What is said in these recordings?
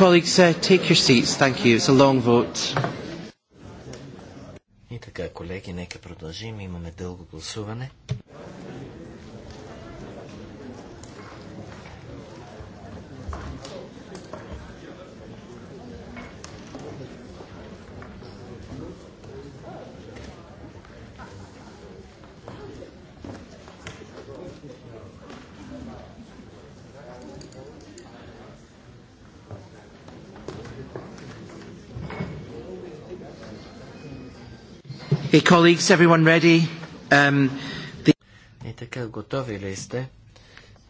Colleagues, uh, take your seats. Thank you. It's a long vote. И така, колеги, нека продължим. Имаме дълго гласуване. Colleagues, everyone ready? Um, the... И така, готови ли сте?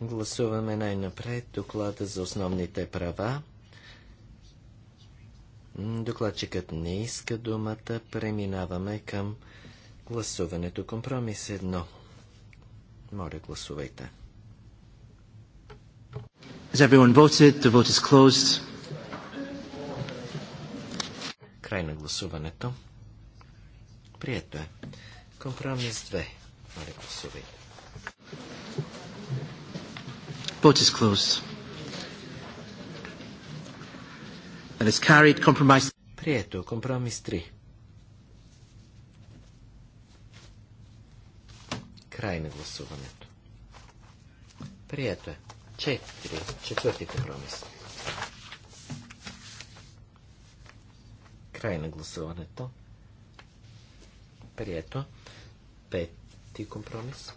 Гласуваме най-напред доклада за основните права. Докладчикът не иска думата. Преминаваме към гласуването. Компромис едно. Моля, гласувайте. Has everyone voted? The vote is closed. Край на гласуването. Прието е. Компромис 2. Моля, гласувайте. Vote is closed. And is carried compromise. Прието. Компромис 3. Край на гласуването. Прието е. Четири. Четвърти компромис. Край на гласуването. Прието. Пети компромис.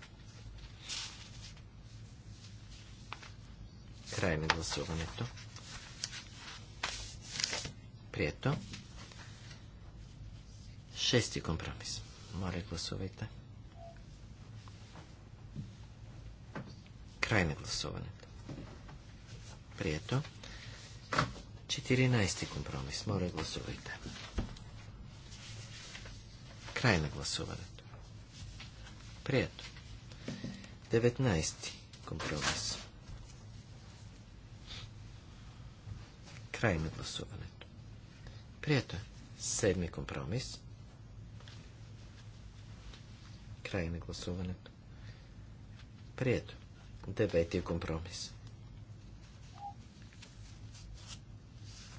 Край на гласуването. Прието. Шести компромис. Моля, гласувайте. Край на гласуването. Прието. 14 компромис. Моля, гласувайте. Край на гласуването. Прието. 19. Компромис. Край на гласуването. Прието. Е. Седми компромис. Край на гласуването. Прието. Деветия компромис.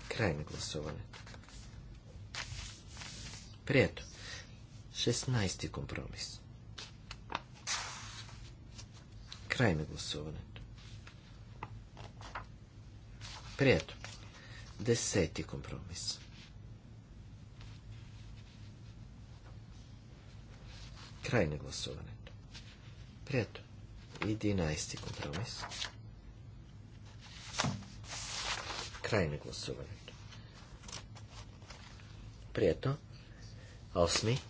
Край на гласуването. Прието. 16 компромис. Край на гласуването. Прието. Десети компромис. Край на гласуването. Прието. Единайсти компромис. Край на гласуването. Прието. Осми.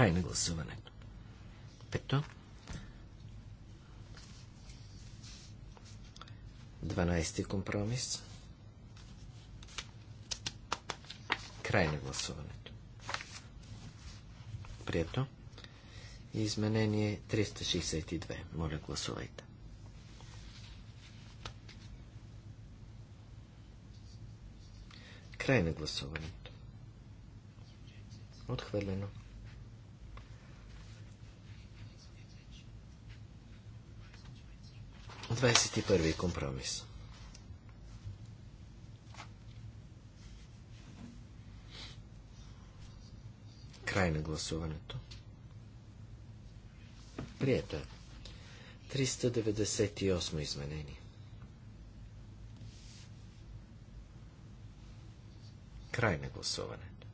Край на гласуването. Пето. 12 ти компромис. Край на гласуването. Прието. изменение 362. Моля, гласувайте. Край на гласуването. Отхвърлено. 21 компромис. Край на гласуването. Прията. Е. 398 изменение. Край на гласуването.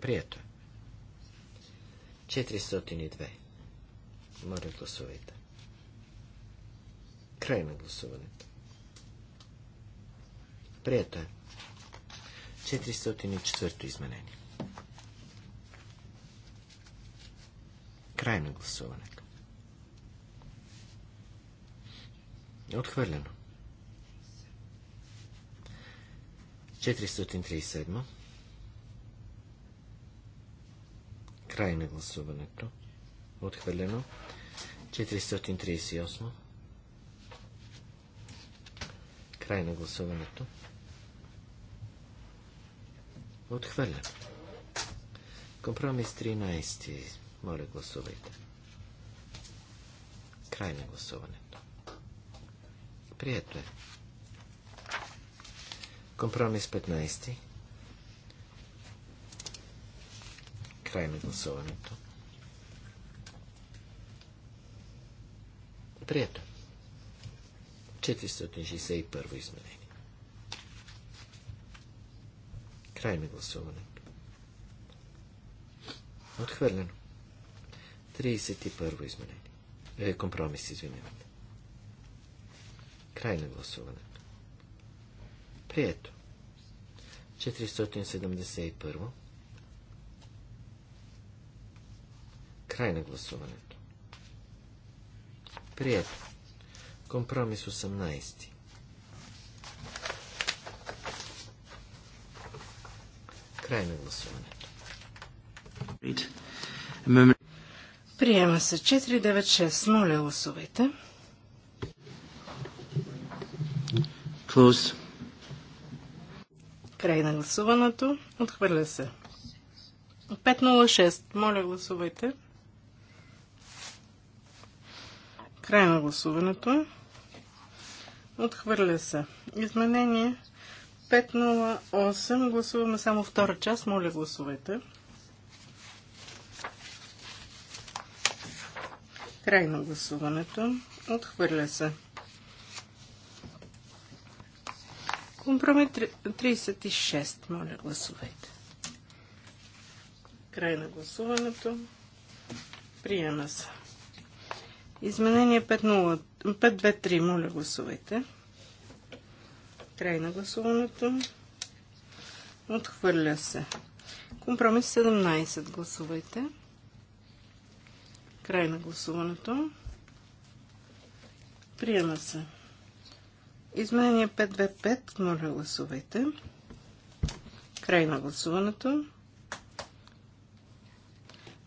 Прието е. 402. Моля, гласувайте. Край на гласуването. Прието е. 404 изменение. Край на гласуването. Отхвърлено. 437. Край на гласуването. Отхвърлено. 438. Край на гласуването. Отхвърлено. Компромис 13. Моля, гласувайте. Край на гласуването. Прието е. Компромис 15. Край на гласуването. Прието. 461 изменение. Край на гласуването. Отхвърлено. 31 изменение. Е, компромис, извинявайте. Край на гласуването. Прието. 471. Край на гласуването. Прието. Компромис 18. Край на гласуването. Приема се 496. Моля, гласувайте. Close. Край на гласуването. Отхвърля се. 506. Моля, гласувайте. Край на гласуването. Отхвърля се. Изменение 508. Гласуваме само втора част. Моля, гласувайте. Край на гласуването. Отхвърля се. Компромит 36. Моля, гласувайте. Край на гласуването. Приема се. Изменение 523, моля гласувайте. Край на гласуването. Отхвърля се. Компромис 17, гласувайте. Край на гласуването. Приема се. Изменение 525, моля гласувайте. Край на гласуването.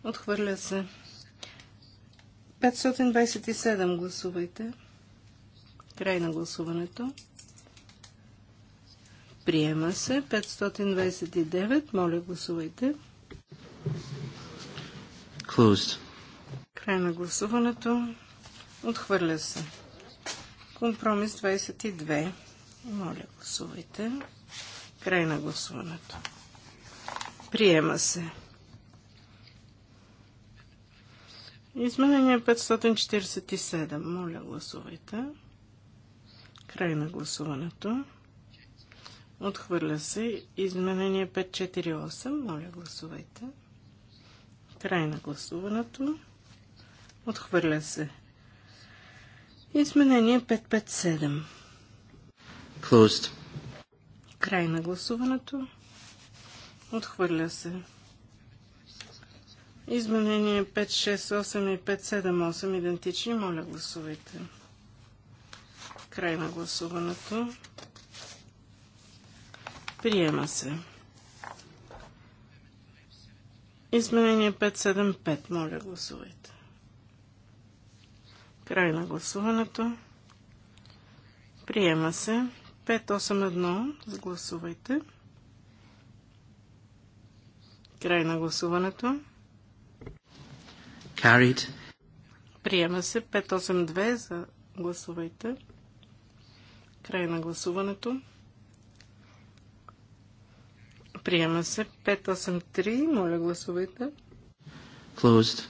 Отхвърля се. 527 гласувайте. Край на гласуването. Приема се. 529. Моля, гласувайте. Closed. Край на гласуването. Отхвърля се. Компромис 22. Моля, гласувайте. Край на гласуването. Приема се. Изменение 547. Моля, гласувайте. Край на гласуването. Отхвърля се. Изменение 548. Моля, гласувайте. Край на гласуването. Отхвърля се. Изменение 557. Closed. Край на гласуването. Отхвърля се. Изменение 568 и 578 идентични. Моля, гласувайте. Край на гласуването. Приема се. Изменение 575. Моля, гласувайте. Край на гласуването. Приема се. 581. Загласувайте. Край на гласуването. Carried. Приема се 582 за гласувайте. Край на гласуването. Приема се 583. Моля гласувайте. Closed.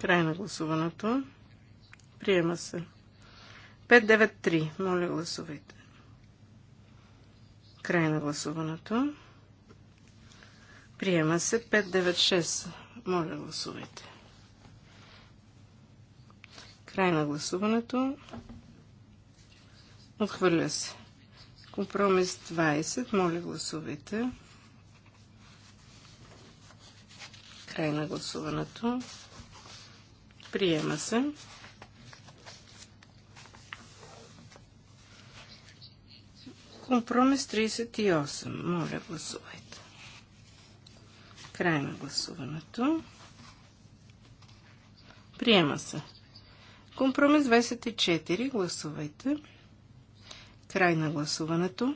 Край на гласуването. Приема се. 593. Моля гласувайте. Край на гласуването. Приема се 596. Моля гласувайте. Край на гласуването. Отхвърля се. Компромис 20. Моля гласувайте. Край на гласуването. Приема се. Компромис 38. Моля, гласувайте. Край на гласуването. Приема се. Компромис 24. Гласувайте. Край на гласуването.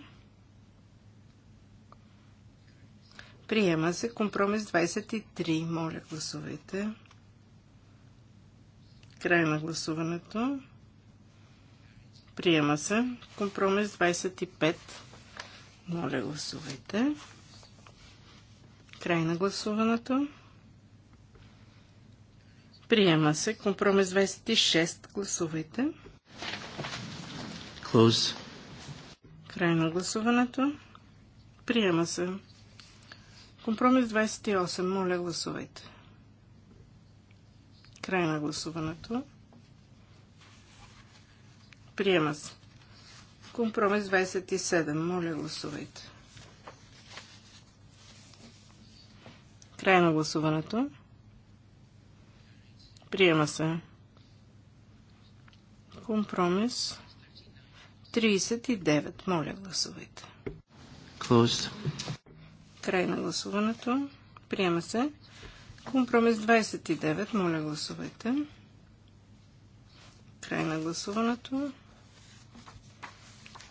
Приема се компромис 23. Моля, гласувайте. Край на гласуването. Приема се компромис 25. Моля, гласувайте. Край на гласуването. Приема се. Компромис 26. Гласувайте. Close. Край на гласуването. Приема се. Компромис 28. Моля, гласувайте. Край на гласуването. Приема се. Компромис 27. Моля, гласувайте. Край на гласуването. Приема се. Компромис 39. Моля, гласувайте. Closed. Край на гласуването. Приема се. Компромис 29. Моля, гласувайте. Край на гласуването.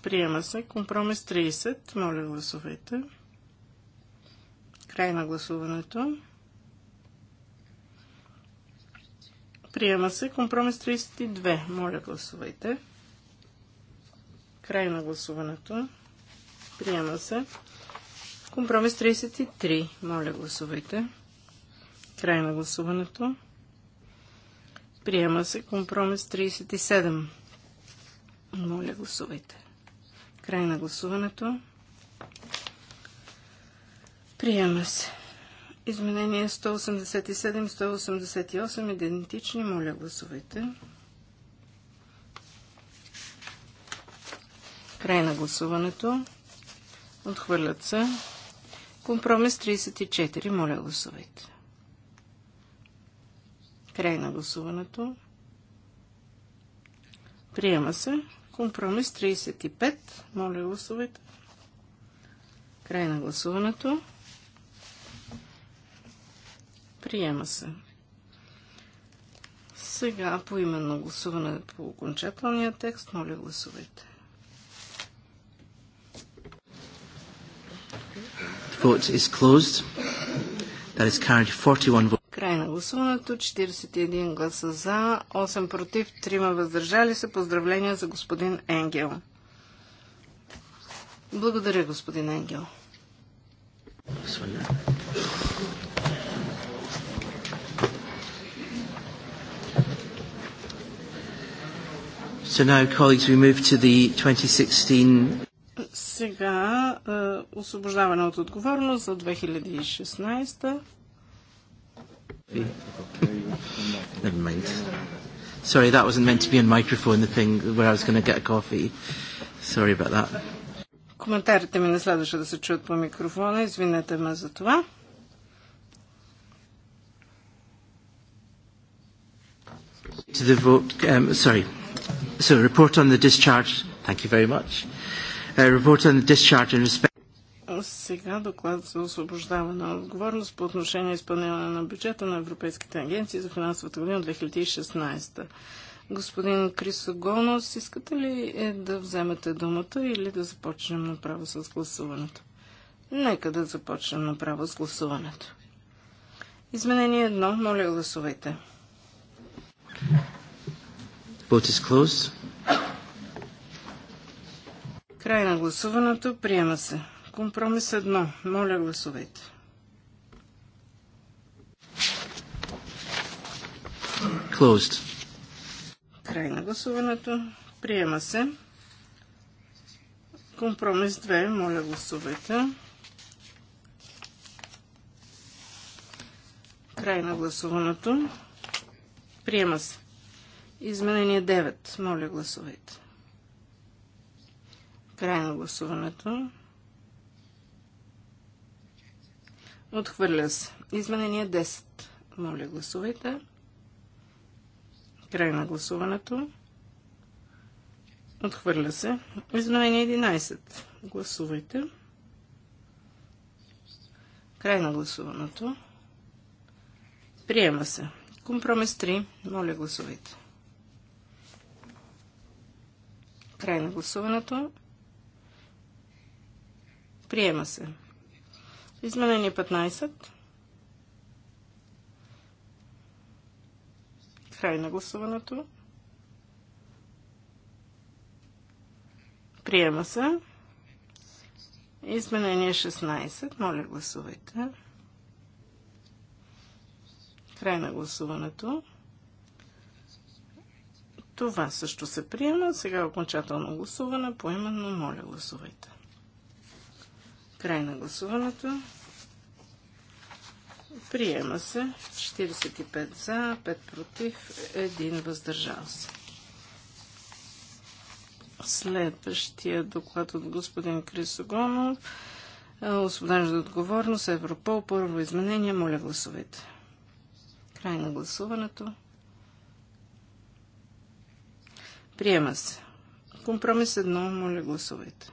Приема се. Компромис 30. Моля, гласувайте. Край на гласуването. Приема се компромис 32. Моля, гласувайте. Край на гласуването. Приема се. Компромис 33. Моля, гласувайте. Край на гласуването. Приема се компромис 37. Моля, гласувайте. Край на гласуването. Приема се. Изменение 187, 188 идентични. Моля, гласувайте. Край на гласуването. Отхвърлят се. Компромис 34. Моля, гласувайте. Край на гласуването. Приема се. Компромис 35. Моля, гласувайте. Край на гласуването. Приема се. Сега по именно гласуване по окончателния текст. Моля, гласувайте. Край на гласуването. 41 гласа за, 8 против, 3 въздържали се. Поздравления за господин Енгел. Благодаря, господин Енгел. Господин Енгел. So now, colleagues, we move to the 2016... Сега е, освобождаване от отговорност за 2016. Never mind. Sorry, that wasn't meant to be on microphone, the thing where I was going to get a coffee. Sorry about that. Коментарите ми не следваше да се чуят по микрофона. Извинете ме за това. To the vote, um, sorry, so report on the discharge. Thank you very much. Uh, report on the discharge in respect. Сега доклад за освобождаване на отговорност по отношение изпълнение на бюджета на Европейските агенции за финансовата година 2016. Господин Крисогонос, искате ли е да вземете думата или да започнем направо с гласуването? Нека да започнем направо с гласуването. Изменение едно, моля гласувайте. Vote is closed. Край на гласуването. Приема се. Компромис 1. Моля гласувайте. Closed. Край на гласуването. Приема се. Компромис 2. Моля гласувайте. Край на гласуването. Приема се. Изменение 9. Моля, гласувайте. Край на гласуването. Отхвърля се. Изменение 10. Моля, гласувайте. Край на гласуването. Отхвърля се. Изменение 11. Гласувайте. Край на гласуването. Приема се. Компромис 3. Моля, гласувайте. Край на гласуването. Приема се. Изменение 15. Край на гласуването. Приема се. Изменение 16. Моля, гласувайте. Край на гласуването. Това също се приема. Сега окончателно гласуване. Поименно, моля, гласувайте. Край на гласуването. Приема се 45 за, 5 против, 1 въздържал се. Следващия доклад от господин Крисогонов. Е, освобождаване от отговорност Европол. Първо изменение. Моля гласувайте. Край на гласуването. Приема се. Компромис едно, моля гласувайте.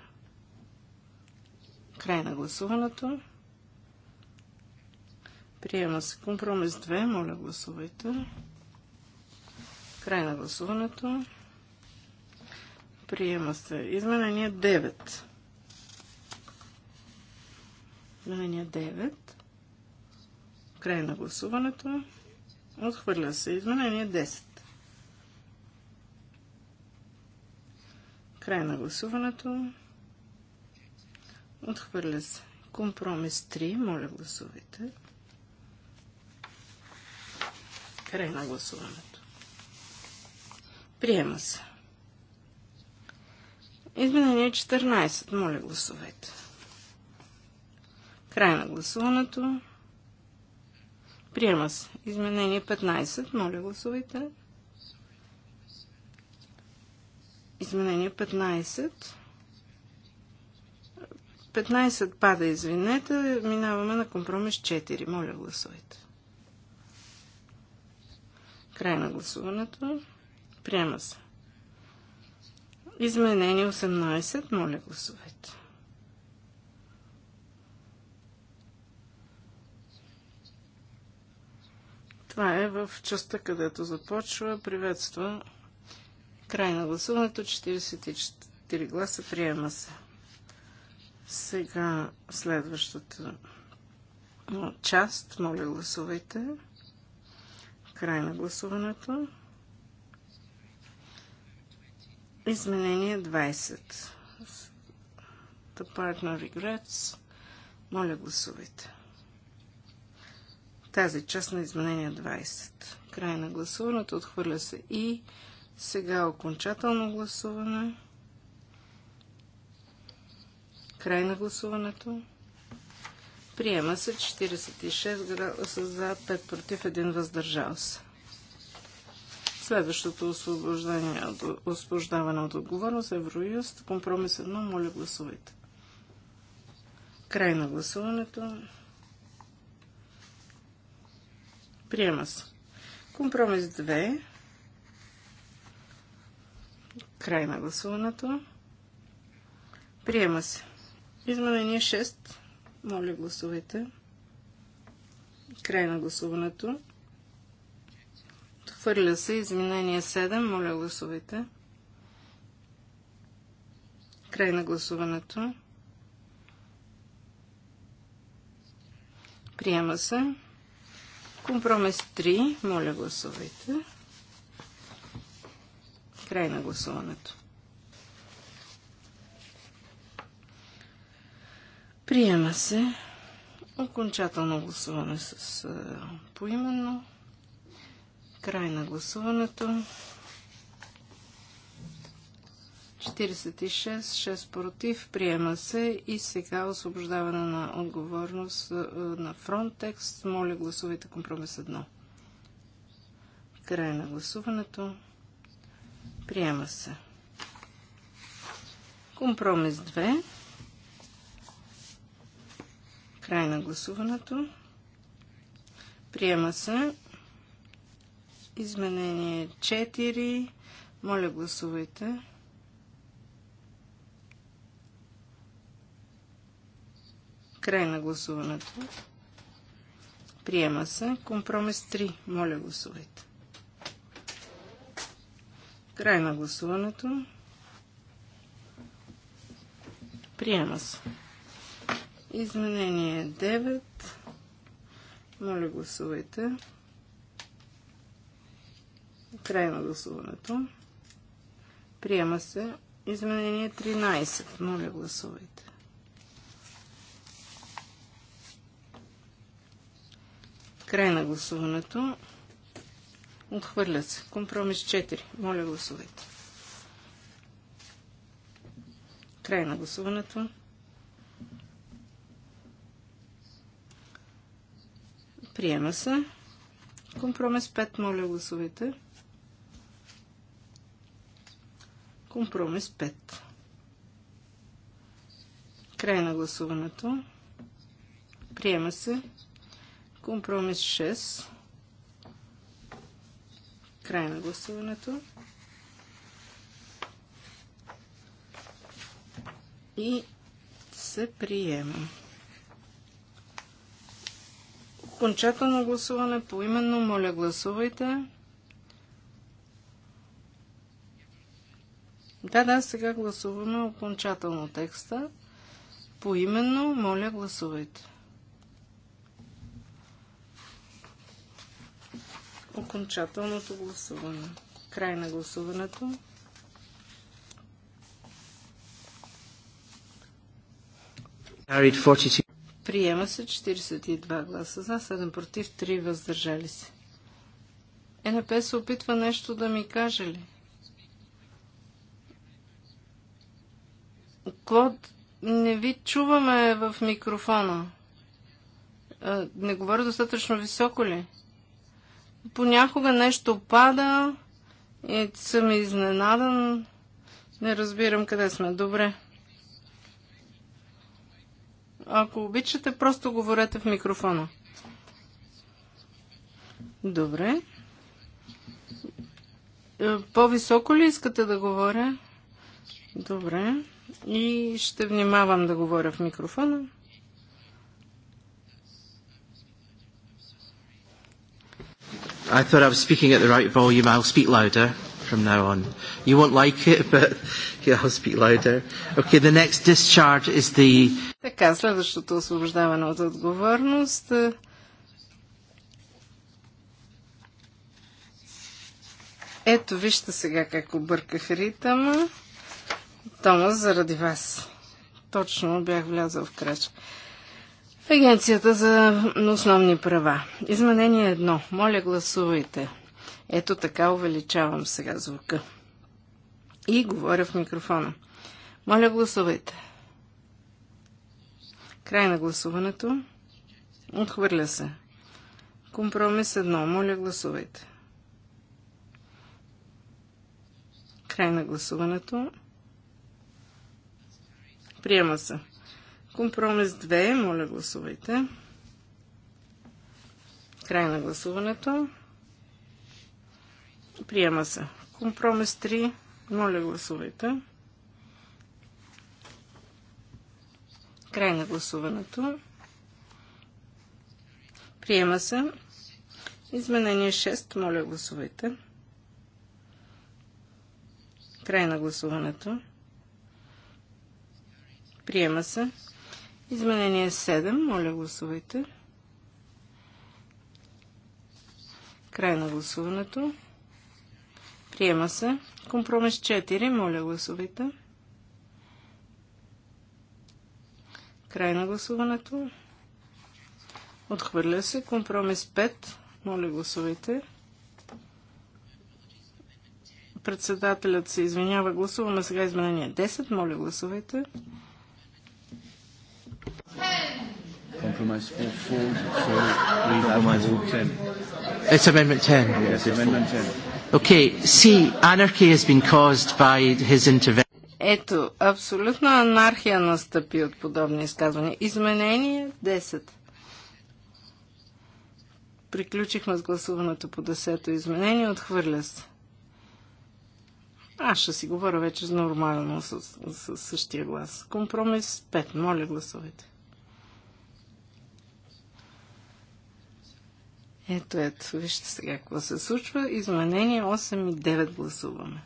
Край на гласуването. Приема се. Компромис 2, моля гласувайте. Край на гласуването. Приема се. Изменение 9. Изменение 9. Край на гласуването. Отхвърля се. Изменение 10. Край на гласуването. Отхвърля се. Компромис 3. Моля, гласувайте. Край на гласуването. Приема се. Изменение 14. Моля, гласувайте. Край на гласуването. Приема се. Изменение 15. Моля, гласувайте. Изменение 15. 15 пада, извинете. Минаваме на компромис 4. Моля, гласувайте. Край на гласуването. Приема се. Изменение 18. Моля, гласувайте. Това е в частта, където започва. Приветства Край на гласуването. 44 гласа. Приема се. Сега следващата част. Моля, гласувайте. Край на гласуването. Изменение 20. The partner regrets. Моля, гласувайте. Тази част на изменение 20. Край на гласуването. Отхвърля се и сега окончателно гласуване. Край на гласуването. Приема се 46 за 5 против 1 въздържал се. Следващото освобождение, освобождаване от отговорност Евроюст. Компромис 1. Моля гласувайте. Край на гласуването. Приема се. Компромис 2. Край на гласуването. Приема се. Изменение 6. Моля, гласувайте. Край на гласуването. Отхвърля се. Изменение 7. Моля, гласувайте. Край на гласуването. Приема се. Компромис 3. Моля, гласувайте. Край на гласуването. Приема се. Окончателно гласуване с поименно. Край на гласуването. 46, 6 против, приема се и сега освобождаване на отговорност на Фронтекст. Моля гласувайте компромис 1. Край на гласуването. Приема се. Компромис 2. Край на гласуването. Приема се. Изменение 4. Моля, гласувайте. Край на гласуването. Приема се. Компромис 3. Моля, гласувайте. Край на гласуването. Приема се. Изменение 9. Моля, гласувайте. Край на гласуването. Приема се. Изменение 13. Моля, гласувайте. Край на гласуването. Отхвърля се. Компромис 4. Моля гласувайте. Край на гласуването. Приема се. Компромис 5. Моля гласувайте. Компромис 5. Край на гласуването. Приема се. Компромис 6. Край на гласуването. И се приема. Окончателно гласуване по именно. Моля, гласувайте. Да, да, сега гласуваме окончателно текста. По именно, моля, гласувайте. окончателното гласуване. Край на гласуването. Приема се 42 гласа за, 7 против, 3 въздържали се. Е, НП се опитва нещо да ми каже ли? Клод, не ви чуваме в микрофона. Е, не говоря достатъчно високо ли? понякога нещо пада и съм изненадан. Не разбирам къде сме. Добре. Ако обичате, просто говорете в микрофона. Добре. Е, по-високо ли искате да говоря? Добре. И ще внимавам да говоря в микрофона. I thought I was speaking at the right volume. I'll speak louder from now on. You won't like it, but yeah, I'll speak louder. Okay, the next discharge is the... Така, следващото освобождаване от отговорност Ето, вижте сега как обърках ритъма. Томас, заради вас. Точно бях влязъл в крачка. Агенцията за основни права. Изменение едно. Моля, гласувайте. Ето така увеличавам сега звука. И говоря в микрофона. Моля, гласувайте. Край на гласуването. Отхвърля се. Компромис едно. Моля, гласувайте. Край на гласуването. Приема се. Компромис 2. Моля, гласувайте. Край на гласуването. Приема се. Компромис 3. Моля, гласувайте. Край на гласуването. Приема се. Изменение 6. Моля, гласувайте. Край на гласуването. Приема се. Изменение 7. Моля, гласувайте. Край на гласуването. Приема се. Компромис 4. Моля, гласувайте. Край на гласуването. Отхвърля се. Компромис 5. Моля, гласувайте. Председателят се извинява. Гласуваме сега изменение 10. Моля, гласувайте. Гласувайте. compromise for four so we compromise have vote ten. It's Amendment 10. Yes, Amendment 10. Okay, see, anarchy has been caused by his intervention. Ето, абсолютна анархия настъпи от подобни изказвания. Изменение 10. Приключихме с гласуването по 10-то изменение. Отхвърля се. Аз ще си говоря вече нормално с, с, с същия глас. Компромис 5. Моля, гласувайте. Ето, ето, вижте сега какво се случва. Изменение 8 и 9 гласуваме.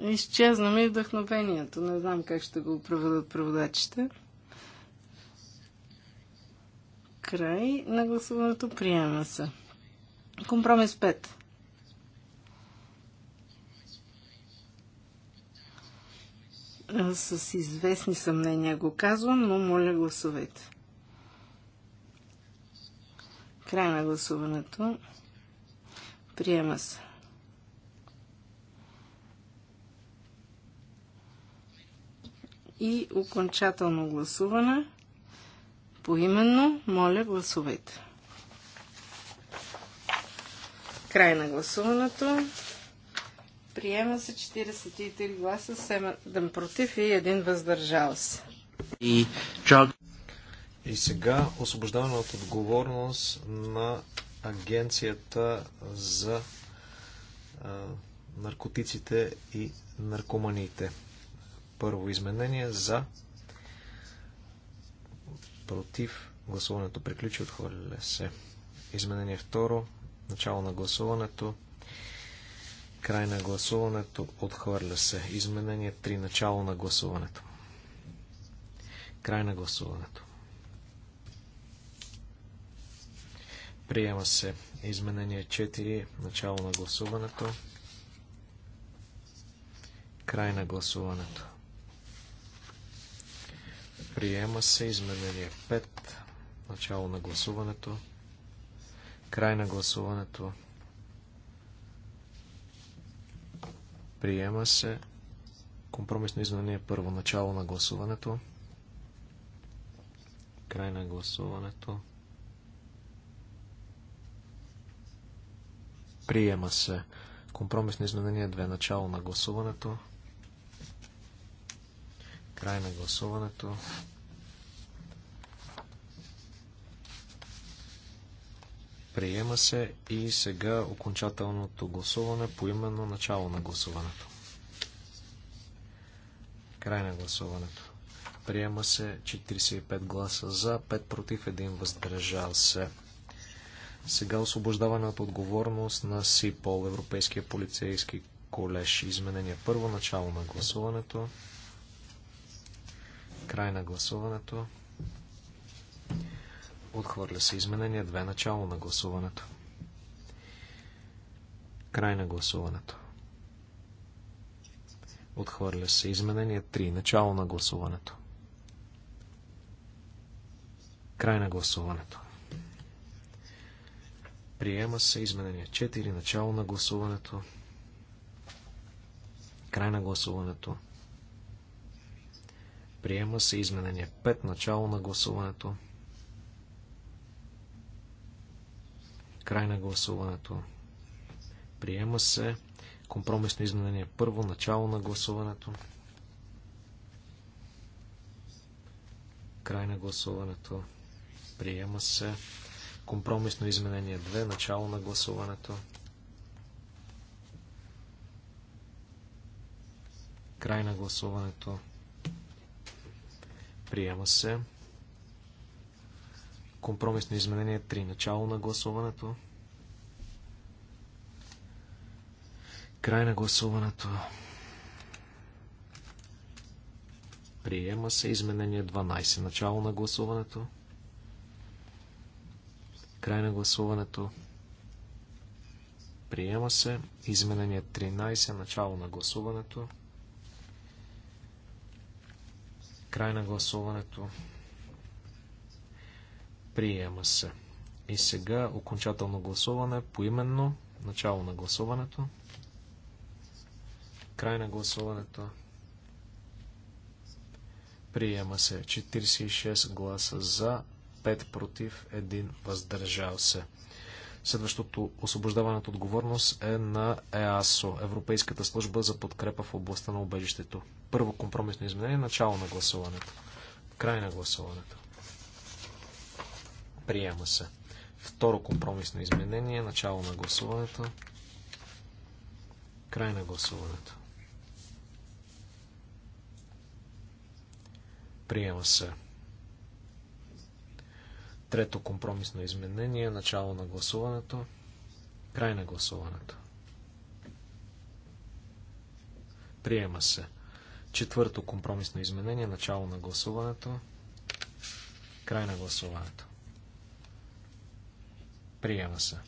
Изчезна ми вдъхновението. Не знам как ще го проведат преводачите. Край на гласуването приема се. Компромис 5. С известни съмнения го казвам, но моля гласовете. Край на гласуването. Приема се. И окончателно гласуване. Поименно, моля, гласовете. Край на гласуването. Приема се 43 гласа, 7 против и 1 въздържал се. И, и сега освобождаване от отговорност на Агенцията за а, наркотиците и наркоманиите. Първо изменение за против гласуването приключи, отхвърля се. Изменение второ, начало на гласуването. Край на гласуването. Отхвърля се. Изменение 3. Начало на гласуването. Край на гласуването. Приема се. Изменение 4. Начало на гласуването. Край на гласуването. Приема се. Изменение 5. Начало на гласуването. Край на гласуването. Приема се компромисно изменение първо начало на гласуването. Край на гласуването. Приема се компромисно изменение две начало на гласуването. Край на гласуването. Приема се и сега окончателното гласуване по именно начало на гласуването. Край на гласуването. Приема се 45 гласа за, 5 против, 1 въздържал се. Сега освобождаване от отговорност на СИПОЛ, Европейския полицейски колеж. Изменение първо, начало на гласуването. Край на гласуването. Отхвърля се изменение 2. Начало на гласуването. Край на гласуването. Отхвърля се изменение 3. Начало на гласуването. Край на гласуването. Приема се изменение 4. Начало на гласуването. Край на гласуването. Приема се изменение 5. Начало на гласуването. Край на гласуването. Приема се компромисно изменение първо, начало на гласуването. Край на гласуването. Приема се компромисно изменение 2, начало на гласуването. Край на гласуването. Приема се. Компромисно изменение 3. Начало на гласуването. Край на гласуването. Приема се изменение 12. Начало на гласуването. Край на гласуването. Приема се изменение 13. Начало на гласуването. Край на гласуването. Приема се. И сега окончателно гласуване, поименно, начало на гласуването, край на гласуването. Приема се 46 гласа за, 5 против, 1 въздържал се. Следващото освобождаване от отговорност е на ЕАСО, Европейската служба за подкрепа в областта на убежището. Първо компромисно изменение, начало на гласуването. Край на гласуването. Приема се. Второ компромисно изменение. Начало на гласуването. Край на гласуването. Приема се. Трето компромисно изменение. Начало на гласуването. Край на гласуването. Приема се. Четвърто компромисно изменение. Начало на гласуването. Край на гласуването. Приема се.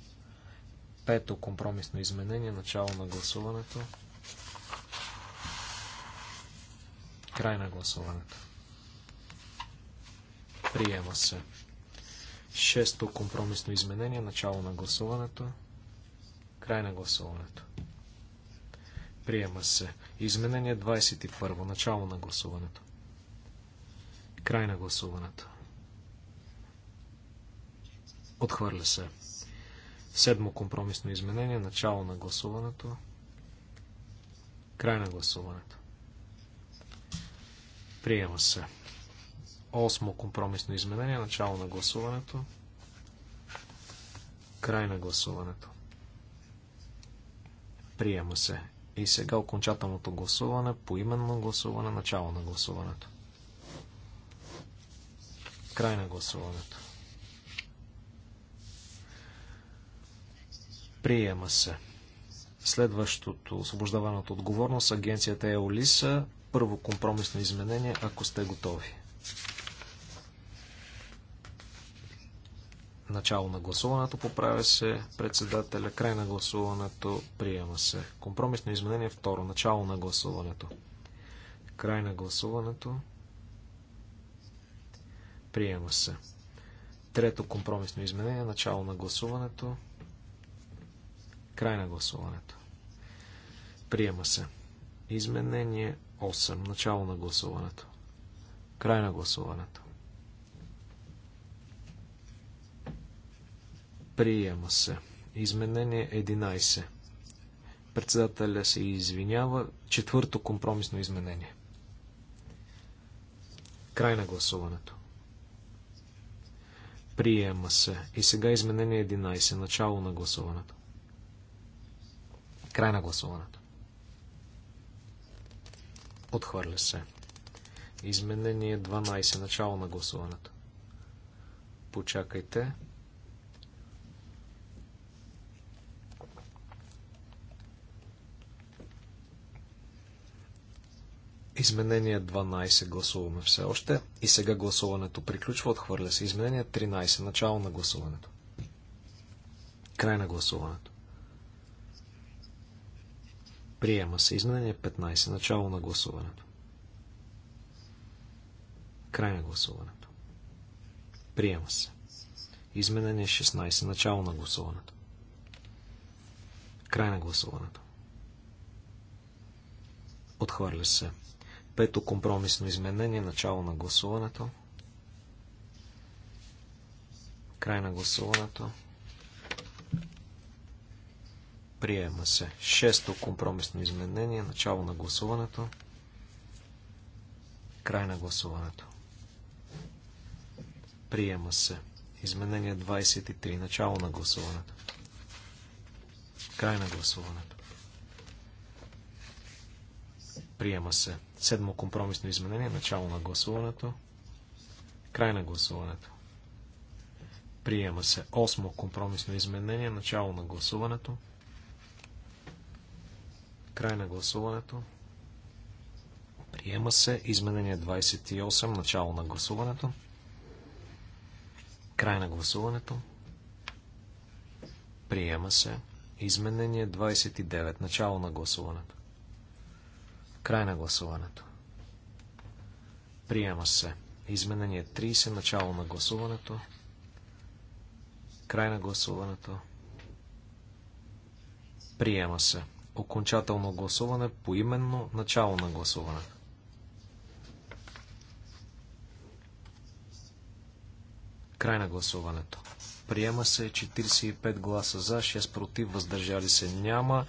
Пето компромисно изменение. Начало на гласуването. Край на гласуването. Приема се. Шесто компромисно изменение. Начало на гласуването. Край на гласуването. Приема се. Изменение 21. Начало на гласуването. Край на гласуването. Отхвърля се. Седмо компромисно изменение, начало на гласуването, край на гласуването. Приема се. Осмо компромисно изменение, начало на гласуването, край на гласуването. Приема се. И сега окончателното гласуване, поименно гласуване, начало на гласуването. Край на гласуването. Приема се. Следващото освобождаване от отговорност агенцията Еолиса. Първо компромисно изменение, ако сте готови. Начало на гласуването поправя се председателя. Край на гласуването приема се. Компромисно изменение второ. Начало на гласуването. Край на гласуването приема се. Трето компромисно изменение. Начало на гласуването. Край на гласуването. Приема се. Изменение 8. Начало на гласуването. Край на гласуването. Приема се. Изменение 11. Председателя се извинява. Четвърто компромисно изменение. Край на гласуването. Приема се. И сега изменение 11. Начало на гласуването. Край на гласуването. Отхвърля се. Изменение 12. Начало на гласуването. Почакайте. Изменение 12 гласуваме все още. И сега гласуването приключва, отхвърля се. Изменение 13. Начало на гласуването. Край на гласуването. Приема се. Изменение 15. Начало на гласуването. Край на гласуването. Приема се. Изменение 16. Начало на гласуването. Край на гласуването. Отхвърля се. Пето компромисно изменение. Начало на гласуването. Край на гласуването. Приема се. Шесто компромисно изменение. Начало на гласуването. Край на гласуването. Приема се. Изменение 23. Начало на гласуването. Край на гласуването. Приема се. Седмо компромисно изменение. Начало на гласуването. Край на гласуването. Приема се. Осмо компромисно изменение. Начало на гласуването. Край на гласуването. Приема се изменение 28, начало на гласуването. Край на гласуването. Приема се изменение 29, начало на гласуването. Край на гласуването. Приема се изменение 30, начало на гласуването. Край на гласуването. Приема се окончателно гласуване, по именно начало на гласуване. Край на гласуването. Приема се 45 гласа за, 6 против, въздържали се няма.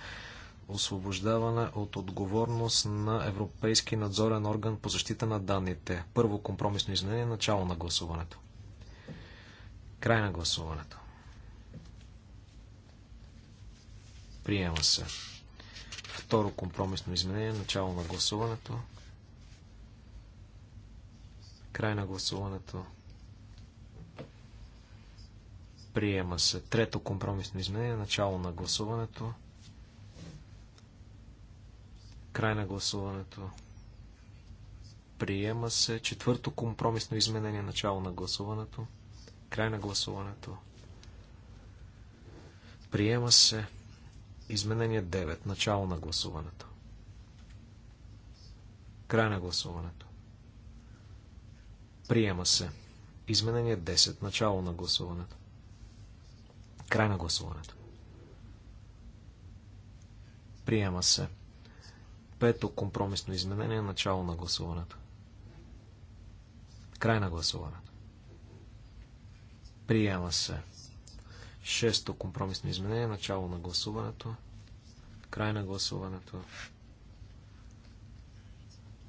Освобождаване от отговорност на Европейски надзорен орган по защита на данните. Първо компромисно изменение, начало на гласуването. Край на гласуването. Приема се. Второ компромисно изменение, начало на гласуването. Край на гласуването. Приема се. Трето компромисно изменение, начало на гласуването. Край на гласуването. Приема се. Четвърто компромисно изменение, начало на гласуването. Край на гласуването. Приема се. Изменение 9. Начало на гласуването. Край на гласуването. Приема се. Изменение 10. Начало на гласуването. Край на гласуването. Приема се. Пето компромисно изменение. Начало на гласуването. Край на гласуването. Приема се. Шесто компромисно изменение, начало на гласуването, край на гласуването.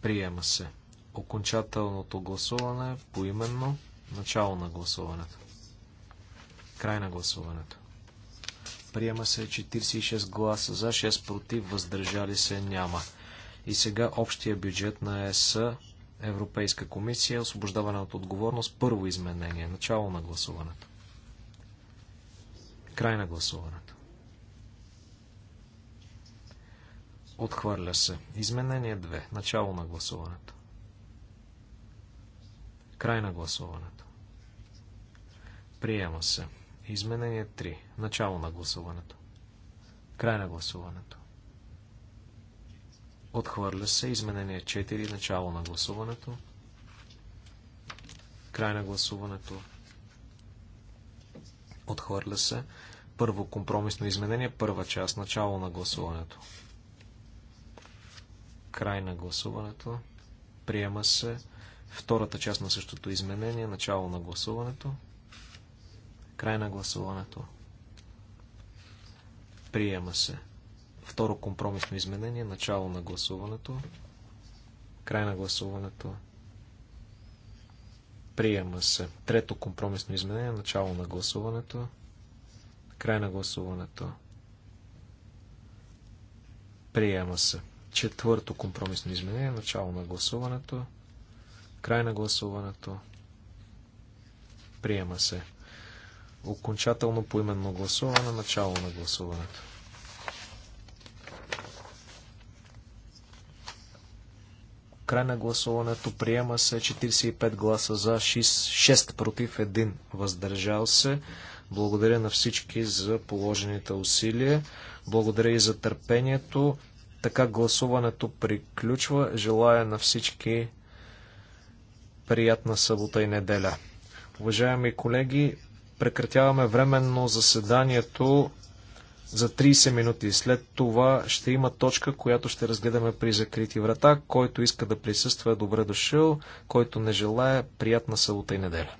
Приема се. Окончателното гласуване поименно, начало на гласуването. Край на гласуването. Приема се 46 гласа за, 6 против, въздържали се няма. И сега общия бюджет на ЕС, Европейска комисия, освобождаване от отговорност, първо изменение, начало на гласуването. Край на гласуването. Отхвърля се. Изменение 2. Начало на гласуването. Край на гласуването. Приема се. Изменение 3. Начало на гласуването. Край на гласуването. Отхвърля се. Изменение 4. Начало на гласуването. Край на гласуването. Отхвърля се. Първо компромисно изменение, първа част, начало на гласуването. Край на гласуването. Приема се втората част на същото изменение, начало на гласуването. Край на гласуването. Приема се. Второ компромисно изменение, начало на гласуването. Край на гласуването. Приема се. Трето компромисно изменение. Начало на гласуването. Край на гласуването. Приема се. Четвърто компромисно изменение. Начало на гласуването. Край на гласуването. Приема се. Окончателно поименно гласуване. Начало на гласуването. Край на гласуването приема се 45 гласа за, 6, 6 против, 1 въздържал се. Благодаря на всички за положените усилия. Благодаря и за търпението. Така гласуването приключва. Желая на всички приятна събота и неделя. Уважаеми колеги, прекратяваме временно заседанието за 30 минути. След това ще има точка, която ще разгледаме при закрити врата. Който иска да присъства е добре дошъл, който не желая, приятна събота и неделя.